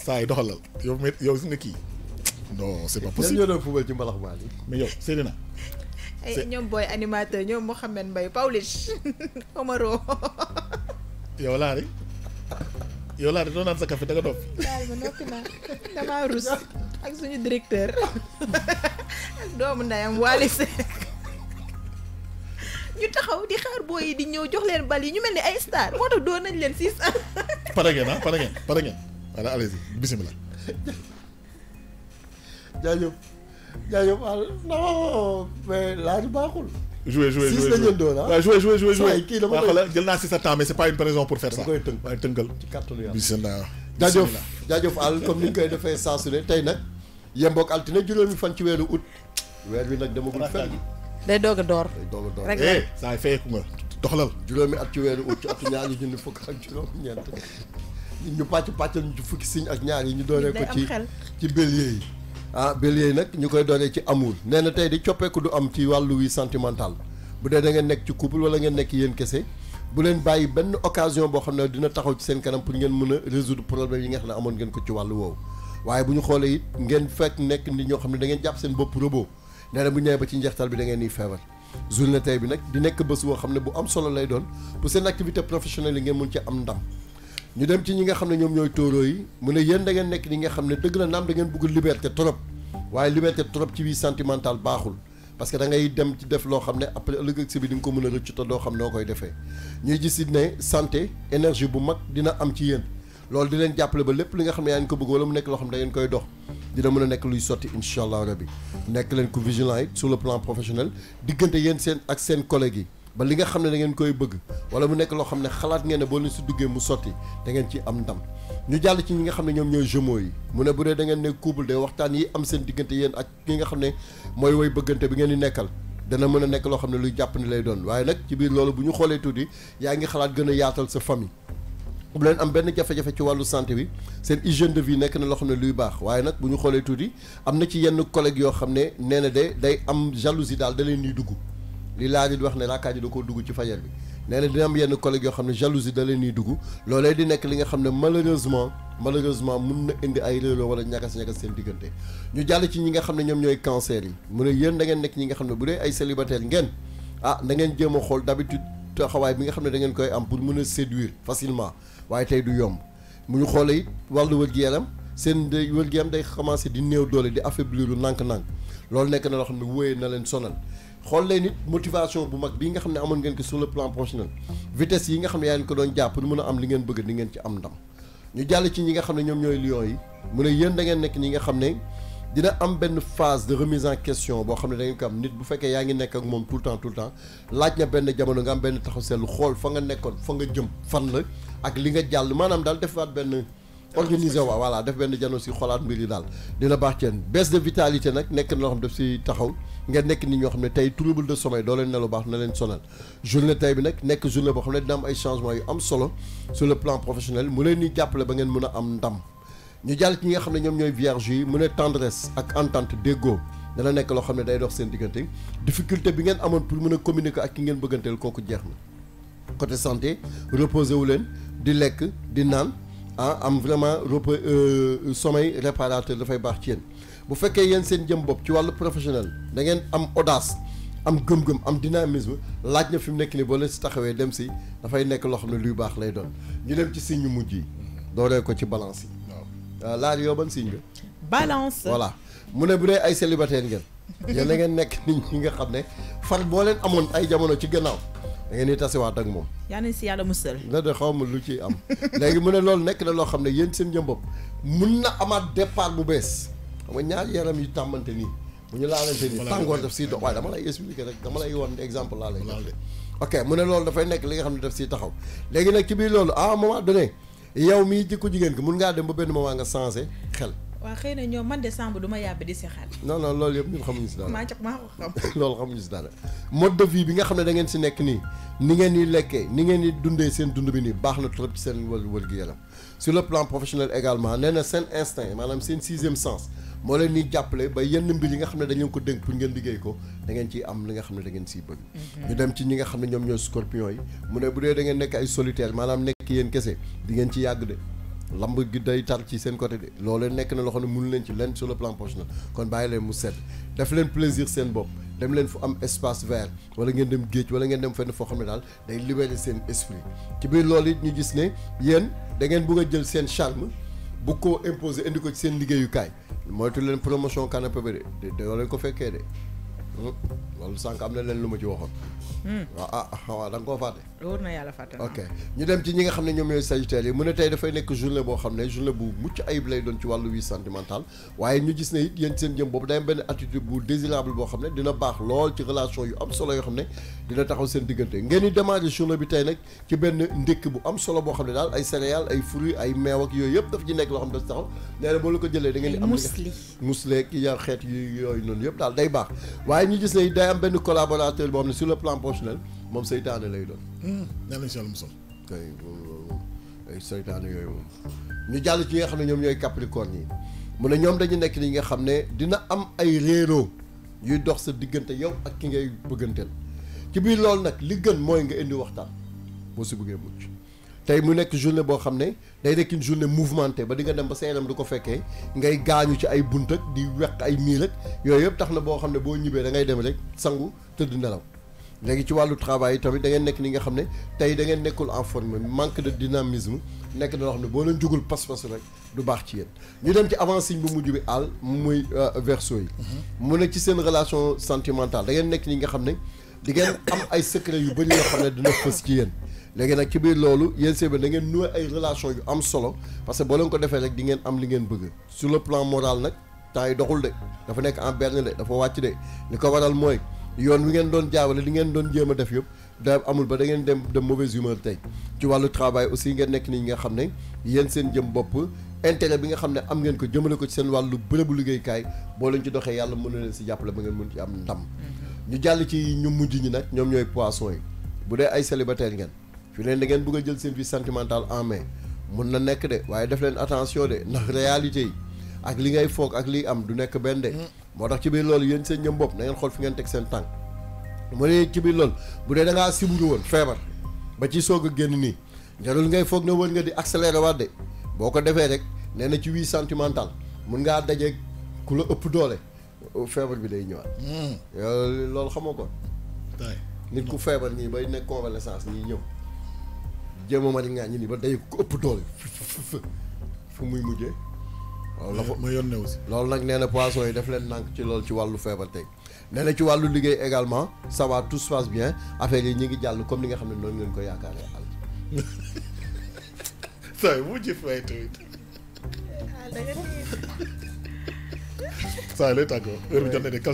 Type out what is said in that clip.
saa yi doxalal yow mét yow gis nga kii non c'est pas possible ñoo doon fubal ci mbalax maal ñoom booy animateur ñoom Mouhamed Mbaye Paulish Omaro yow laa rek yow laa rek doo naan sa café da nga noppi daal ma ñu taxaw di xaar booy yi di ñëw jox leen bal yi ñu mel ni ay star moo tax doon nañ leen six ans ah, pare ngeen pare ngeen pare ngeen voilà allez bisimilah. jaajëf jaajëf al non mais laaj baaxul. joué joué joué six la doon ah. waaw kii dama doon jël naa si sa temps mais c'est pas une raison pour faire ça. da nga koy tënk waaye tënkal. ci kàttanu yàlla comme ni ñu koy saa su ne tey nag yemboog altine juróomi fan ci weeru août. weer bi nag dama gul fenn. day doog a door day doog a door rek eh saa yi feyeeku nga doxalal. juróomi at ci weeru août ci atu ñaari junni fukk ak juróom ñeent. ñu pàcc pàccal ñu ci fukki siñ ak ñaar yi ñu dooree ko ci ci bélier yi ah bélier yi nag ñu koy dooree ci amour nee na tey di coppeeku du am ci wàllu wi sentimental bu dee da ngeen nekk ci couple wala ngeen nekk yéen kese bu leen bàyyi benn occasion boo xam ne dina taxaw ci seen kanam pour ngeen mën a résoudre problème yi nga xam ne amoon ngeen ko ci wàllu woowu waaye bu ñu xoolee it ngeen fekk nekk nit ñoo xam ne da ngeen jàpp seen bopp robot nee na bu ñëwee ba ci njeextal bi da ngeen di feebar journée tey bi nekk bés boo xam ne bu am solo lay doon pour seen activité professionnelle yi ngeen mun ci am ndam ñu dem ci ñi nga xam ne ñoom ñooy tóoroo yi mu ne yéen da nekk ñi nga xam ne dëgg la naam da ngeen bëgg liberté trop waaye liberté trop ci biir sentimental baaxul parce que da ngay dem ci def loo xam ne après ëllëg ak si bi di nga ko mën a rëccu te doo xam noo koy defee ñuy gis ne santé énergie bu mag dina am ci yéen lool di leen jàppale ba lépp li nga xam ne yaa ngi ko bëgg wala mu nekk loo xam ne da ngeen koy dox dina mën a nekk luy sotti leen ko vigilant it sur le plan professionnel diggante yéen seen ak seen ba li nga xam ne da ngeen koy bëgg wala mu nekk loo xam ne xalaat ngeen ne boo leen si duggee mu sotti dangeen ngeen ci am ndam ñu jàll ci ñi nga xam ne ñoom ñooy jumeaux yi mu ne bu dee dangeen ne couple de waxtaan yi am seen diggante yéen ak ki nga xam ne mooy woy bëggante bi ngeen di nekkal dana mën a nekk loo xam ne luy jàpp ni lay doon waaye nag ci biir loolu bu ñu xoolee tuuti yaa ngi xalaat gën a yaatal sa famille bu leen am benn jafe-jafe ci wàllu santé bi seen hygiène de vie nekk na loo xam ne luy baax waaye nag bu ñu xoolee tuuti am na ci yenn collègues yoo xam ne nee na de day am jalousie daal da leen di dugg li laa di wax ne raakaaju da koo dugg ci fajar bi nee na dina am yenn collègue yoo xam ne jalousie da leen ñuy dugg loolee di nekk li nga xam ne malheureusement malheureusement mun na indi ay réeroo wala ñagas-ñagas seen diggante ñu jàll ci ñi nga xam ne ñoom ñooy cancer yi mu ne yéen da nekk ñi nga xam ne bu dee ay célibataire ngeen ah da ngeen jéem a xool d'habitude taxawaay bi nga xam ne da ngeen koy am pour mën a séduire facilement waaye tey du yomb mu ñu xoolee it wàllu wér-gu-yaram seen wér-gu-yaram day commencé di néew doole di affaiblir lu nànk-nànk loolu nekk na loo xam ne wóoyee na leen sonal xool leen nit motivation bu mag bi nga xam ne amoon ngeen ko sur le plan professionnel vitesse yi nga xam ne yaa ngi ko doon jàpp pour am li ngeen bëgg di ngeen ci am nga xam ne ñoom ñooy lion yi mu ne yéen da nekk ñi nga xam ne dina am benn phase de remise en question boo xam ne da ngeen ko am nit bu fekkee yaa ngi nekk ak moom tout le temps tout le temps laaj na benn jamono nga am benn taxaw seetlu xool fa nga nekkoon fa nga jëm fan la ak li nga jàll maanaam daal defaat benn organiser waa voilà def benn jano si xolaat mbir yi daal dina baax ceen baisse de vitalité nag nekk na loo xam daf si taxaw nga nekk nit ñoo xam ne tey trouble de sommeil doo leen nelaw baax na leen sonal journée tey bi nag nekk journée boo xam ne dina am ay changements yu am solo sur le plan professionnel mu leen ni jàppale ba ngeen mën a am ndam ñu jàll ci ñi xam ne ñoom ñooy vierge yi mu ne tendresse ak entente déggoo dana nekk loo xam ne day dox seen diggante difficulté bi ngeen amoon pour mën a communiquer ak ki ngeen bëgganteel kooku jeex na côté santé reposé wu leen di lekk di naan ah am vraiment repo euh, euh, sommeil réparateur dafay baax ci yenn bu fekkee yéen seen jëm bopp ci wàllu professionnel da ngeen am odas am gëm-gëm am dynamisme laaj na fi mu nekk nii boo leen si taxawee dem si dafay nekk loo xam ne luy baax lay doon ñu dem ci signe mujj yi dooree ko ci balance yi waaw ah, laaj yoo ban signe nga balance voilà mu ne bu dee ay célibataire ngeen yéen da ngeen nekk nit ñi nga xam ne far boo leen amoon ay jamono ci gannaaw da ngeen di tasewaat ak moom. yaa nañ si yàlla la de xaw ma lu ciy am léegi mu ne loolu nekk na loo xam ne yéen seen jëmbab mun na amaat départ bu bees xam nga ñaar yaram yu tàmmante nii bu ñu laalante nii tàngoor daf si dox waaye dama lay expliquer rek dama lay won exemple laa lay joxe ok mu ne loolu dafay nekk li nga xam ne daf siy taxaw léegi nag ci biir loolu à un moment yow mii jikko jigéen ki mun ngaa dem ba benn ma waa nga changé xel waaw xëy na ñoom man de Samb du ma yàbb di si xaat non loolu yëpp ñun xam nga xam ne da ngeen si nekk nii ni ngeen di lekkee ni ngeen di dundee seen dund bi nii baax na trop ci seen wër wër gi yaram sur le plan professionnel également nee na seen instinct maanaam seen sixième sens moo leen ni jàppale ba yenn mbir yi nga xam ne dañu ko dénk pour ngeen liggéey ko da ngeen ciy am li nga xam ne da ngeen siy bëgg mhm. ñu dem ci ñi nga xam ne ñoom ñooy scorpion yi mu ne bu dee nekk ay solitaire maanaam nekk yéen kese di lamb gi day tar ci seen côté de loolu nekk na loo xam ne mënu leen ci lenn sur le plan professionnel kon bàyyi leen mu set def leen plaisir seen bopp dem leen fu am espace vert wala ngeen dem géej wala ngeen dem fenn foo xam ne daal day libérer seen esprit ci biir loolu it ñu gis ne yéen dangeen ngeen bëgg a jël seen charme bu ko imposer indi ko ci seen liggéeyukaay moytu leen promotion canapé ba de doo leen ko fekkee de loolu sànq am na leen lu ma ci waxoon. Hmm. Ah, ah, ah, waaw ah koo fàtte. ok ñu dem ci ñi nga xam ne ñoom ñooy sagittaire yi mu ne tey dafay nekk journée boo xam ne journée bu mucc ayib lay doon ci wàllu vie sentimentale waaye ñu gis ne it yéen seen jëm boobu day am benn attitude bu désirable boo xam ne dina baax lool ci relation yu am solo yoo xam ne dina taxaw seen diggante ngeen di démarrer journée bi tey nag ci benn ndékk bu am solo boo xam ne daal ay céréales ay fruits ay meew yooyu yëpp daf ci nekk loo da ngeen di am ya xeet yu yooyu noonu yëpp daal day baax ñu gis ne day am benn collaborateur boo xam ne sur le plan professionnel moom seytaane lay doon. Hmm, yàlla incha allah musal. kay ay seytaane yooyu moom. ñu jàll ci nga xam ne ñoom ñooy capricorne yi mu ne ñoom dañu nekk ni nga xam ne dina am ay réeroo yuy dox sa diggante yow ak ki ngay bëgganteel ci biir loolu nag li gën mooy nga indi waxtaan boo si bëggee mucc. tey mu nekk journée boo xam ne day nekk une journée mouvementée ba dinga dem ba sa yaram du ko fekkee ngay gaañu ci ay bunt ak di weq ay miil ak yooyu yëpp tax na boo xam ne boo ñibbee da ngay dem rek sangu tëdd nelaw léegi ci wàllu travail yi tamit da ngeen nekk ni nga xam ne tey dangeen nekkul en forme manque de dynamisme nekk na loo xam ne boo leen jugul pas-pas rek du baax ci yéen ñu dem ci avant signe bu mujj bi àll muy euh, verseau yi mhm. mu ne ci seen relation sentimentale da ngeen nekk ni nga xam ne di ngeen am ay secret yu bëri yoo xam ne dina fës ci yéen léegi nag ci biir loolu yéen seen da ngeen noué ay relation yu am solo parce que boo leen ko defee rek di ngeen am li ngeen bëgg sur le plan moral nag temps yi doxul de dafa nekk en benn de dafa wàcc de li ko waral mooy yoon wi ngeen doon jaawale li ngeen doon jéem a def yëpp da amul ba da ngeen dem de mauvaise humeur tey ci wàllu trabaay aussi ngeen nekk ni nga xam ne yéen seen jëm bopp intérêt bi nga xam ne am ngeen ko jëmale ko ci seen wàllu bërëbu liggéeykaay boo leen ci mën na leen si jàppale ba ngeen mën ci am ndam mm-hmm. ñu jàll ci ñu mujj ñi nag ñoom ñooy poisson yi bu dee ay célibataire ngeen fi leen da ngeen bëgg a jël seen vie sentimentale en mais mun na nekk de waaye def leen attention de ndax réalité yi ak li ngay foog ak liy am du nekk benn de mm. moo tax ci biir loolu yéen seen ñëm bopp na ngeen xool fi ngeen teg seen tànk mu ne ci biir loolu bu dee da ngaa siburu woon feebar ba ci soog a génn nii jarul ngay foog ne woon nga di accéléré waa de boo ko defee rek nee na ci vie sentimentale mun ngaa dajee ku la ëpp doole feebar bi day ñëwaat. Mm. loolu xamoo ko. nit ku feebar ñii bay nekk convalescence ñii ñëw. jéema mari ngaa ñi ni ba day ko ëpp doole fu muy mujjee waaw la ma yónnee aussi loolu nag nee na poisson yi daf leen nànk ci loolu ci wàllu feebar tey nee na ci wàllu liggéey également ça va tout se bien affaire yi ñu ngi jàll comme li nga xam ne noonu leen ko yaakaaree àll saa yi mu jëf waaye tàggoo heure bi jot na de